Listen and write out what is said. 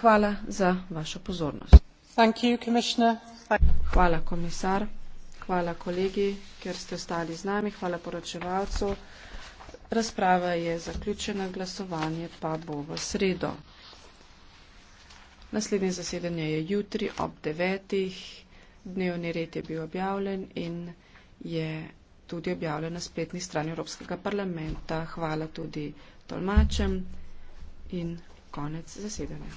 hvala za vašo pozornost. Hvala komisar, hvala kolegi, ker ste ostali z nami, hvala poročevalcu. Razprava je zaključena, glasovanje pa bo v sredo. Naslednje zasedanje je jutri ob devetih, dnevni red je bil objavljen in je tudi objavljen na spletni strani Evropskega parlamenta. Hvala tudi tolmačem in konec zasedanja.